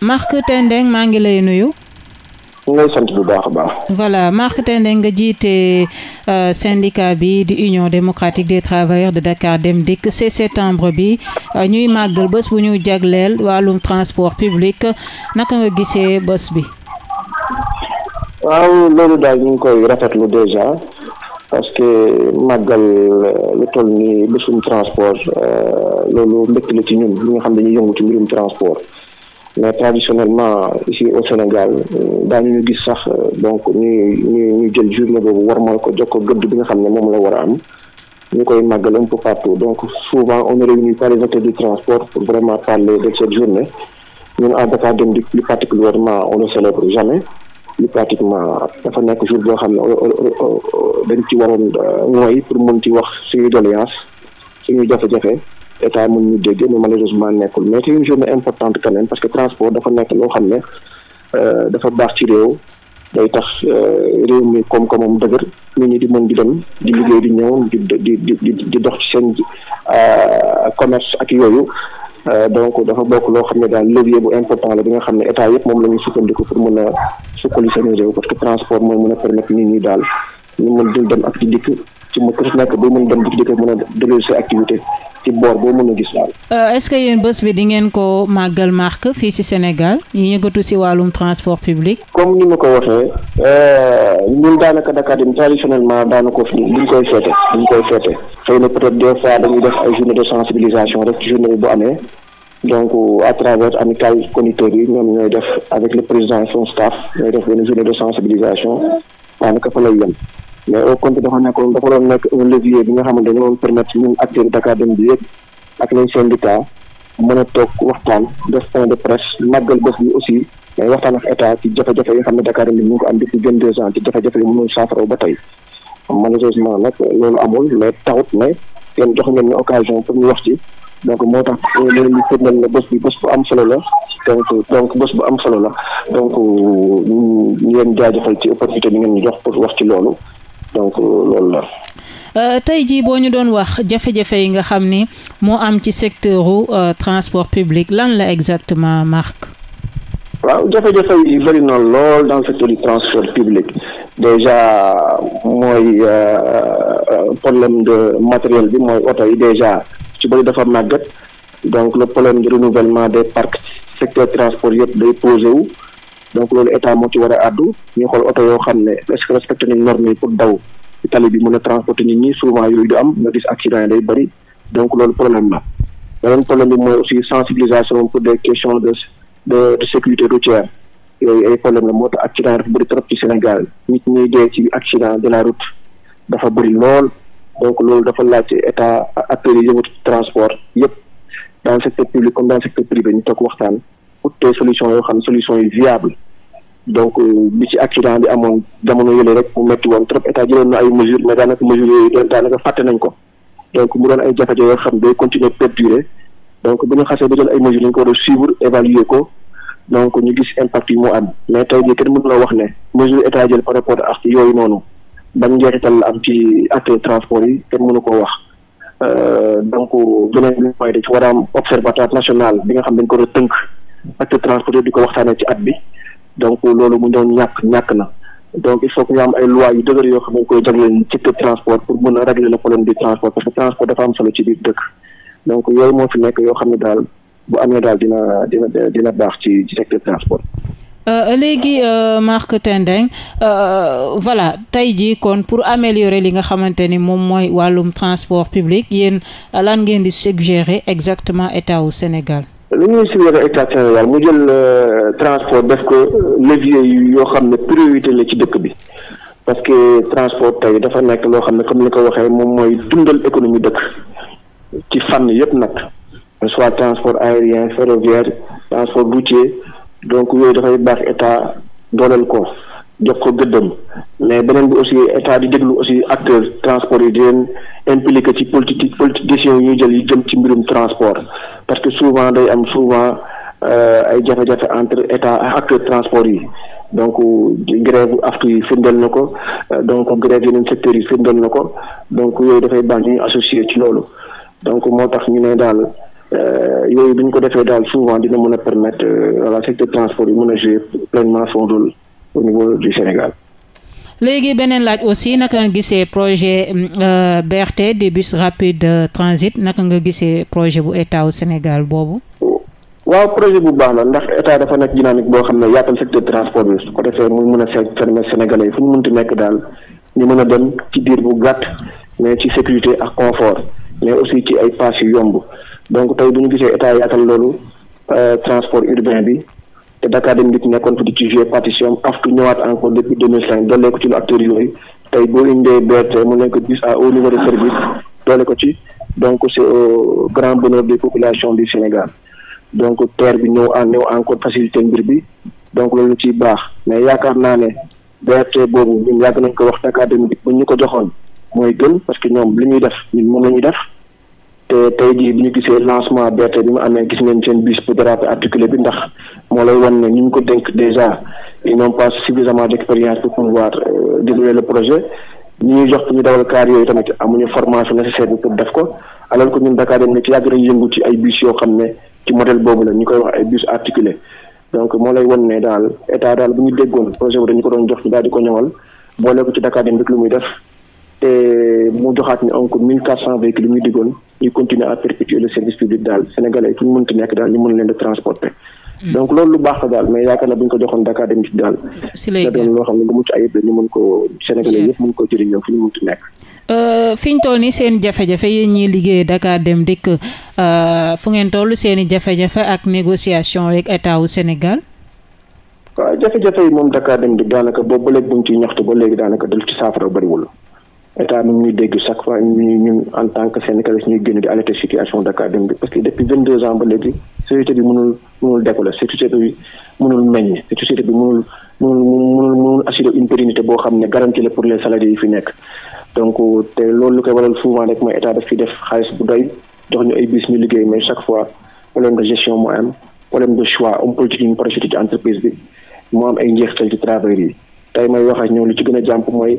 Marc Tendeng maa ngi lay nuyu. ngay sant bu baax baax. voilà Marc Tendeng nga jiite euh, syndicat bi di union démocratique des travailleurs de Dakar Dem Dikk c'est septembre bi euh, ñuy màggal bës bu ñuy jagleel wàllum transport public naka nga gisee bés bi. waaw loolu daal ñu ngi koy rafetlu déjà parce que màggal euh, lu toll ni bésum transport loolu mbégte la ci ñun li nga xam ne dañuy yëngu ci mbirum transport. mais traditionnellement ici au Sénégal euh, daañu ñu gis sax euh, donc ñu ñu ñu jël journée boobu war warmal ko jox ko gëdd bi nga xam ne moom la war a am ñu koy màggal un peu partout donc souvent on est réunis par les acteurs du transport pour vraiment parler de cette journée ñun à Dakar Dem Dikk plus particulièrement on ne célèbre jamais plus pratiquement dafa nekk jour boo xam ne euh, dañ ci waroon mooy pour mën ci wax suñu doléance suñu jafe-jafe état mën ñu dégg mais malheureusement nekkul mais c'est une journée importante quand même parce que transport dafa nekk loo xam ne euh, dafa baax ci réew day tax euh, réew mi comme koomam dëgër nit ñi di mën di dem di liggéey di ñëw di dox ci seen euh, commerce ak yooyu donc dafa bokk loo xam ne daal levier bu important la bi nga xam ne état yëpp moom la ñuy sukkandiku pour mën a sukkali seen réew parce que transport mooy mën a permettre nit ñi daal ñu mën di dem ak di dikk. ci mu ku nekk ba mën dem di ko mën a développer sa activité ci boor boo mën a gis daal. Euh, est-ce que yéen bés bi di ngeen ko màggal marque fii ci Sénégal ñu yëngatu ci wàllum transport public. comme ni ma ko waxee euh, ñun daanaka Dakar dem traditionnellement daana ko fi duñ koy feete duñ koy feete xëy na peut-être des fois dañuy def ay journée de sensibilisation rek ci journée bi bu amee donc à travers amicale conducteurs yi ñoom ñooy def avec le président et son de sensibilisation daanaka fa lay yem. mais au compte dafa nekkoon dafa doon nekk un levier bi nga xamante ne moom permettre ñun acteurs Dakar Dem bi yëpp ak les syndicats mën a toog waxtaan def point de presse màggal bés bi aussi mais waxtaan ak état ci jafe-jafe yi xam ne Dakar Dem bi mu ngi ko am depuis vingt-deux ans ci jafe-jafe yi mënul saafara ba tey malheureusement nag loolu amul mais taxut ne kenn ngeen ñu occasion pour wax ci donc moo tax loolu ñu firndeel ne bés bi bés bu am solo la donc donc bés bu am solo la donc euh, ñu leen jaajëfal ci opportunité bi ngeen jox pour wax ci loolu donc euh, loolu la. Euh, tey jii boo ñu doon wax jafe-jafe yi nga xam ni moo am ci secteur u euh, transport public lan la exactement Marc. waaw jafe-jafe yi bëri na lool dans le secteur du transport public déjà mooy problème de matériel bi mooy oto yi déjà ci bëri dafa màgget donc le problème de renouvellement des parcs secteur transport yëpp day posé donc loolu état moo ci war a àddu ñu xool oto yoo xam ne est-ce que respecté nañ norme pour daw tali bi mën a transporter nit ñi souvent yooyu du am nga gis accident yi day bëri donc loolu problème la beneen problème bi mooy aussi de de de sécurité yooyu ay problème moo tax accident dafa bëri trop ci Sénégal nit ñuy dee ci accident de la route dafa bëri lool donc loolu dafa laaj état appelé yëngatu transport yëpp dans le secteur public comme dans secteur privé ñu toog waxtaan uttee solution yoo xam solution yi viable donc euh, bi ci accident bi amoon jamono yële rek mu metti woon trop état jëloon na ay mesures mais daanaka mesures yooyu daanaka fàtte nañ ko donc a suivre évaluer ko mesure yooyu noonu ban njeexital am ci acte transport yi kenn mënu koo wax euh, donc beneen bi mooy dañ ci war a observatoire national bi nga xam dañ ko war tënk acteurs transporteurs di ko waxtaanee ci at bi donc loolu mu doon ñàkk ñàkk na donc il faut que ñu am ay lois yu dëgër yoo xam ne koy jagleel ci transport pour mën a régler le problème du transport parce que transport dafa am solo ci biir dëkk donc yooyu moo fi nekk yoo xam ne daal bu amee daal dina dina dina baax ci ci secteur transport. Euh, léegi euh, Marc Tendeng euh, voilà tey jii kon pour améliorer li nga xamante ni moom mooy wàllum transport public yéen lan ngeen di suggérer exactement état wu Sénégal. la ñuy suivre état Sénégal mu jël euh, transport def ko euh, levier yoo xam ne priorité la ci dëkk bi parce que transport tey dafa nekk loo xam ne comme ni ko waxee moom mooy dundal économie dëkk ci fànn yëpp nag soit transport aérien ferroviaire transport routier donc yooyu dafay baax état dooleel ko jox ko gëddam mais beneen bi aussi état di déglu aussi acteur transport yi di leen impliqué ci politique politique décision yi ñuy jël yi jëm ci mbirum transport parce que souvent day am souvent euh, ay jafe-jafe entre état ak transport yi donc grève aftu yi firndeel na ko euh, donc grève yeneen secteurs yi firndeel na ko donc yooyu dafay baax ñu associé ci loolu donc moo tax ñu ne daal euh, yooyu bu ko defee daal souvent dina mën a permettre voilà secteur transport yi mun a jouer pleinement son rôle au niveau du Sénégal léegi beneen laaj aussi naka nga gisee projet mm, euh, BRT di bus rapide euh, transit naka nga gisee projet bu état wu Sénégal boobu. waaw projet bu baax la ndax état dafa nekk dynamique boo xam ne yaatal secteur transport bi su ko defee mu mën a permettre sénégalais yi fu mu ti nekk daal ñu mën a dem ci diir bu gàtt mais ci sécurité ak confort mais aussi ci ay pass yu yomb donc tey bu ñu gisee état yaatal loolu euh, transport urbain bi. te dakaar Dem Dikk nekkoon fi di ci joué partition aftu ñëwaat encore depuis deux mille cinq doolee ko ci lu acteurs yooyu tey boo indee BRT mu nekk gis à haut niveau de service doole ko ci donc c' est au grand bonheur des populations du Sénégal donc TER bi ñëw en ñëw encore facilité mbir bi donc loolu ciy baax mais yaakaar naa ne BRT boobu ñun yàgg nañ ko wax Dakar Dem Dikk bu ñu ko joxoon mooy gën parce que ñoom li ñuy def ñun moom la ñuy def te tey jii bi ñu gisee lancement BRT bi mu amee gis ngeen seen bus bu dérapé articulé bi ndax moo lay wan ne ñu ngi ko dénk déjà ils n'ont pas suffisamment d'expérience pour pouvoir euh, dérouler le projet ñu ñuy jox ñu dawal kaar yooyu tamit amuñu formation nécessaire bi pour def ko alors ko ñun Dakar dem ne ci yàgg nañ yëngu ci ay bus yoo xam ne ci modèle boobu la ñu koy wax ay bus articulé donc moo lay wan ne daal état daal bu ñu déggoon projet dañu ko doon jox ñu daal di ko ñëwal boole ko ci Dakar dem rek muy def te mu joxaat ni encore mille quatre cent véhicules yu muy diggoon ñu continuer à perpétuer le service public daal sénégalais fu ñu mënti nekk daal ñu mën leen di transporter. Hmm. donc loolu lu baax la daal mais yaakaar naa bu ñu ko joxoon Dakar dem ci daal. si lay doon loo xam ne lu mucc ko sénégalais yëpp mën ko jëriñoo fu ñu euh, fi ñu toll nii seen jafe-jafe yéen liggéey Dakar dem dikk euh, fu ngeen toll seen i jafe-jafe ak négociation avec état wu Sénégal. waaw jafe-jafe yi moom Dakar dem dikk daanaka boobu ba léegi bu ñu ciy ñaxtu ba léegi daanaka dal ci saafara bariwul état mi ñuy dégg chaque fois ñu ñun en tant que syndicaliste ñuy génn di alerter situation Dakar dem bi parce que depuis vingt deux ans ba léegi société bi mënul mënul décoller société bi mënul boo xam ne garantie la pour les salariés yi fi nekk donc te loolu lu koy waral souvent rek mooy état daf fi def xaalis bu doy jox ñu ay bis ñu liggéey mais chaque fois problème de gestion moo am problème entreprise bi moo am ay njeexital ci travailleurs yi tey may wax ak ñoom li ci gën a jàmp mooy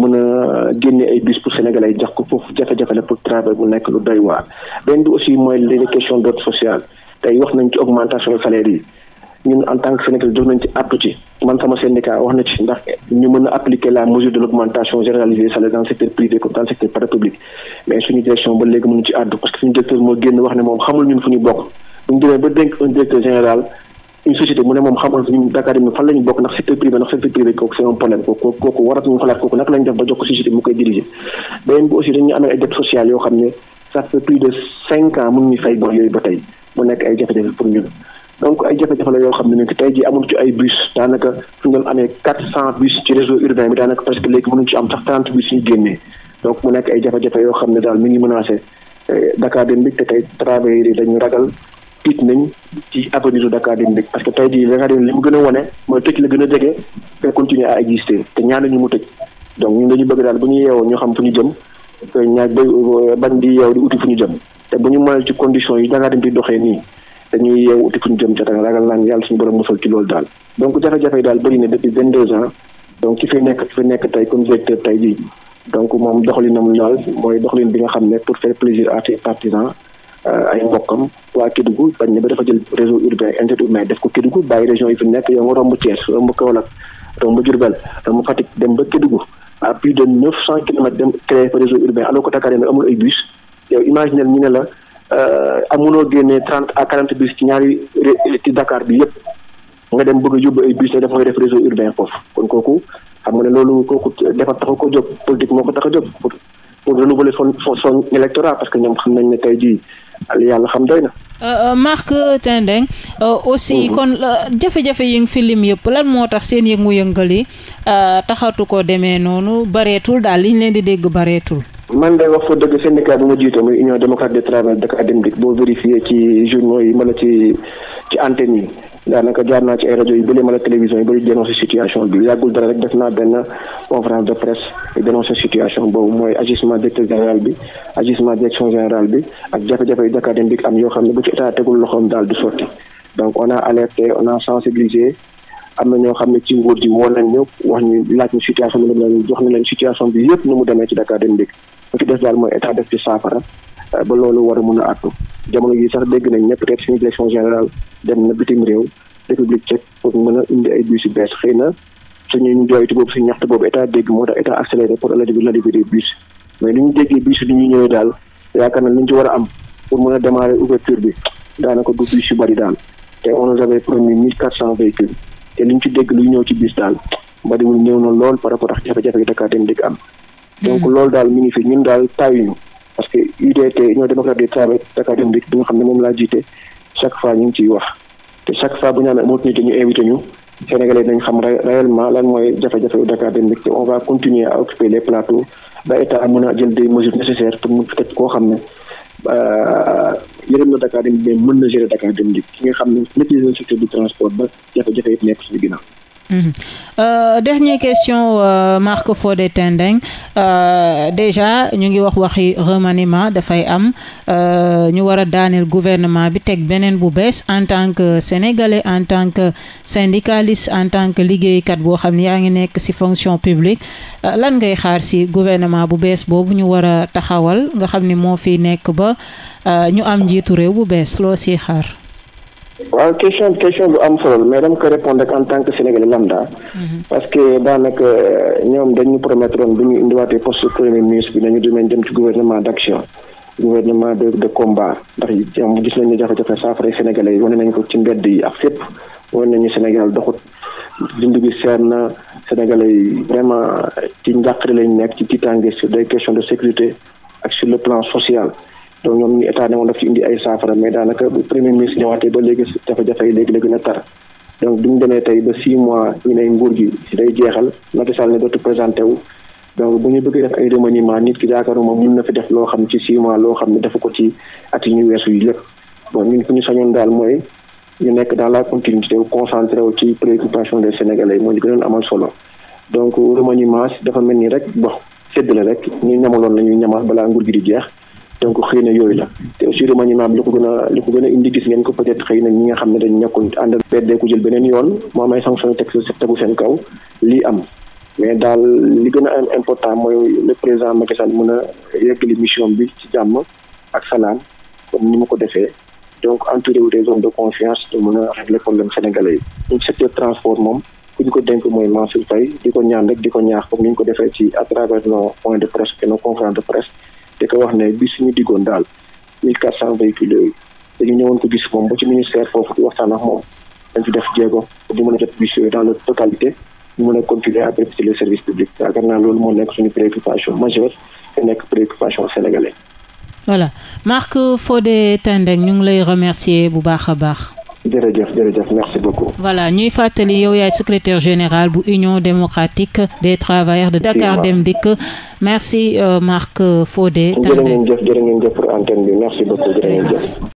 mën a génne ay bus pour sénégalais jox ko foofu jafe-jafe la pour travail bu nekk lu doy waar. benn bi aussi mooy les questions d'ordre social tey wax nañ ci augmentation de salaire yi ñun en tant que sénégalais dox nañ ci àddu ci man sama syndicat wax na ci ndax ñu mën a appliquer la mesure de l'augmentation généralisée des salaires dans secteur privé comme dans le secteur parapublic mais suñu direction ba léegi mënu ci àddu parce que suñu directeur moo une société mu ne moom xamul ñun Dakar yi fan la ñu bokk ndax secteur privé ndax secteur privé kooku c'est un problème kooku kooku waratuñu xalaat kooku naka la ñu ba jox ko société mu koy diriger beneen ay dettes yooyu ba tey mu nekk ay jafe-jafe pour ñun donc ay jafe-jafe la yoo xam ne ni tey jii amul ci ay bus daanaka fu ñu doon amee quatre cent bus ci réseau urbain bi daanaka presque léegi mënuñu ci am sax trente bus yu mu nekk ay jafe-jafe yoo xam ne daal mi ngi menacé eh, Dakar dem bi te tey yi dañu ragal tiit nañ ci avenir Dakar Dem Dikk parce que tey jii Dakar Dem li mu gën a wane mooy tëj la gën a jege te continuer à exister te ñaanuñu mu tëj donc ñun dañu bëgg daal bu ñu yeewoo ñu xam fu ñu jëm te bu ñu mënal ci condition yi Dakar Dem di doxee nii dañuy yeew uti fu ñu jëm ca tàng donc jafe-jafe yi daal bëri depuis vingt deux ans donc ki fi nekk fi nekk tey comme directeur tey jii donc moom doxalinam daal mooy doxalin bi nga xam ne pour faire plaisir Euh, ay mbokkam waa Kédougou bañ ne ba dafa jël réseau urbain interurbain def ko Kédougou bàyyi région yi fi nekk yow nga romb Thiès romb Kaolack romb Diourbel romb Fatick dem ba Kédougou à plus de neuf cent kilomètres dem créé fa réseau urbain alors que Dakar yi bus yow imaginer ñu ne la euh, amuloo génnee trente à quarante bus ci ñaari ci Dakar bi yëpp nga dem bëgg a yóbbu ay bus ne dafa koy def réseau urbain foofu kon kooku xam ne loolu kooku defar taxu ko jóg a jóg pour pour renouveler son son électorat parce que ñoom xam ne li yàlla xam doy na. Euh, euh, Marc Tendeng euh, aussi mhm. kon jafe-jafe yi nga fi lim yëpp lan moo tax seen yëngu yëngali yi taxatu ko demee noonu bareetul daal liñ leen di dégg bareetul. man day wax fa dëgg syndicat bi ma jiite muy union démocrate des travailleurs Dakar Dem Dikk boo vérifié ci journaux yi wala ci ci antenne yi. daanaka jaar naa ci ay rajo yu bëri ma la télévision yu bëri dénoncé situation bi yàggul dara rek def naa benn conférence de presse dénoncé situation boobu mooy agissement directeur général bi agissement direction générale bi ak jafe-jafe yu Dakar Dem Dikk am yoo xam ne bu ci état tegul loxoom daal du sotti donc on a alerté on a am na ñoo xam ne ci nguur ji woon nañ ñëpp wax ñu laaj ñu situation bi jox na leen situation bi yëpp nu mu demee ci Dakar Dem Dikk bu ci des daal mooy état def ci saafara Euh, ba loolu war a mën a àttu jamono yi sax dégg nañ ne peut être suñu direction générale dem réew pour mën a indi ay bus yu bees xëy na suñu jooytu boobu suñu ñaxtu boobu état dégg moo tax état accéléré pour l'arrivée l'arrivée des bus mais ni ñu déggee daal yaakaar na li ñu ci war a am pour mën a démarrer ouverture bi daanaka du bus yu te on nous cent véhicules ci dégg lu ñëw ci bus daal mbari mu ñëw na lool par rapport ak jafe-jafe yi Dakar dem dikk am donc hmm. loolu daal mu ngi fi ñun daal tayuñu parce que UDT Union démocratique des travailleurs académique bi nga xam ne moom laa jiite chaque fois ñu ngi ciy wax te chaque fois bu ñu amee opportunité ñu invité ñu Sénégalais nañ xam réellement lan mooy jafe-jafe yu Dakar Dem Dikk te on a continuer à occuper les plateaux ba état mën a jël des mesures nécessaires pour mu teg koo xam ne euh, yërëm na Dakar Dem Dikk mais na gérer Dakar Dem Dikk ki nga xam ne maîtrise na secteur du transport ba jafe-jafe yëpp nekk ci ginnaaw Mmh. Euh, dernière question euh, Marc Fodé Tendeng euh, déjà ñu ngi wax waxi remaniement dafay am euh, ñu war a daaneel gouvernement bi teg beneen bu bees en tant que sénégalais en tant que syndicaliste en tant que liggéeykat boo xam ne yaa ngi nekk ci fonction publique euh, lan ngay xaar ci gouvernement bu bees boobu ñu war a taxawal nga xam ni moo fi nekk ba euh, ñu am njiitu réew bu bees loo ciy xaar. waaw question question bu am solo mais dama ko répondre en tant que sénégalais lambda. Mhm. parce que daanaka euh, ñoom dañu promettre woon bu ñu indiwaatee poste premier ministre bi nañu dinañ dem ci gouvernement d' action gouvernement de de combat ndax ñoom gis nañu jafe-jafe saafara sénégalais yi wane nañ ko ci mbedd yi ak fépp wane nañu Sénégal doxut dund bi seer na sénégalais yi vraiment ci njàqare lañ nekk ci tiitaange sur des questions de sécurité ak sur le plan social. donc ñoom ñu état ne woon daf ci indi ay saafara mais daanaka bu premier ministre ñëwaatee ba léegi jafe-jafe yi léegi la a tar donc bi demee tey ba six mois ñu ne nguur gi si day jeexal Macky Sall ne dootu présenté wu donc bu ñu bëggee def ay remaniement nit ki yaakaaruma mun na fi def loo xam ci six mois loo xam ne dafa ko ci at yi ñu weesu yi lépp bon ñun fu ñu sañoon daal mooy ñu nekk dans la continuité wu concentré wu ci préoccupation de sénégalais moo ñu gënoon amal solo donc remaniement dafa mel ni rek bon séddale rek ñu ñamaloon la ñuy ñamal balaa nguur gi di jeex donc xëy na yooyu la te aussi remaniement bi li ko gën a li ko gën a indi gis ngeen ko peut xëy na nga xam ne dañ nekkoon ànd ak PDS ku jël beneen yoon moo am ay sanction tegu seen kaw lii am mais daal li gën a am important mooy le ma Macky Sall mën a yeggali mission bi ci jàmm ak salaam comme ni mu ko defee donc entouré wu des zones de confiance de mën a régler problème sénégalais yi secteur transport moom ku ñu ko dénk mooy Mansour Faye di ko ñaan rek di ko ñaax comme nu ñu ko defee ci à travers nos points de presse di ko wax ne bi suñu diggoon daal mille quatre cent dañu ñëwoon ko gis moom ba ci ministère foofu di waxtaan ak moom dañ def jéego di mën a jot bus yooyu dans la totalité ñu mën a continuer à bénéficier les services publics yaakaar naa loolu moo nekk suñu préoccupation majeure te nekk préoccupation sénégalais. voilà Marc Fodé Tendeng ñu ngi lay remercier bu baax a baax. jërëjëf jërëjëf merci beaucoup. voilà ñuy fàttali yow yaay secrétaire général bu union démocratique des travailleurs de Dakar Dem Dikk merci euh, Marc Fodé. jërë ngeen jëf jëf pour antenne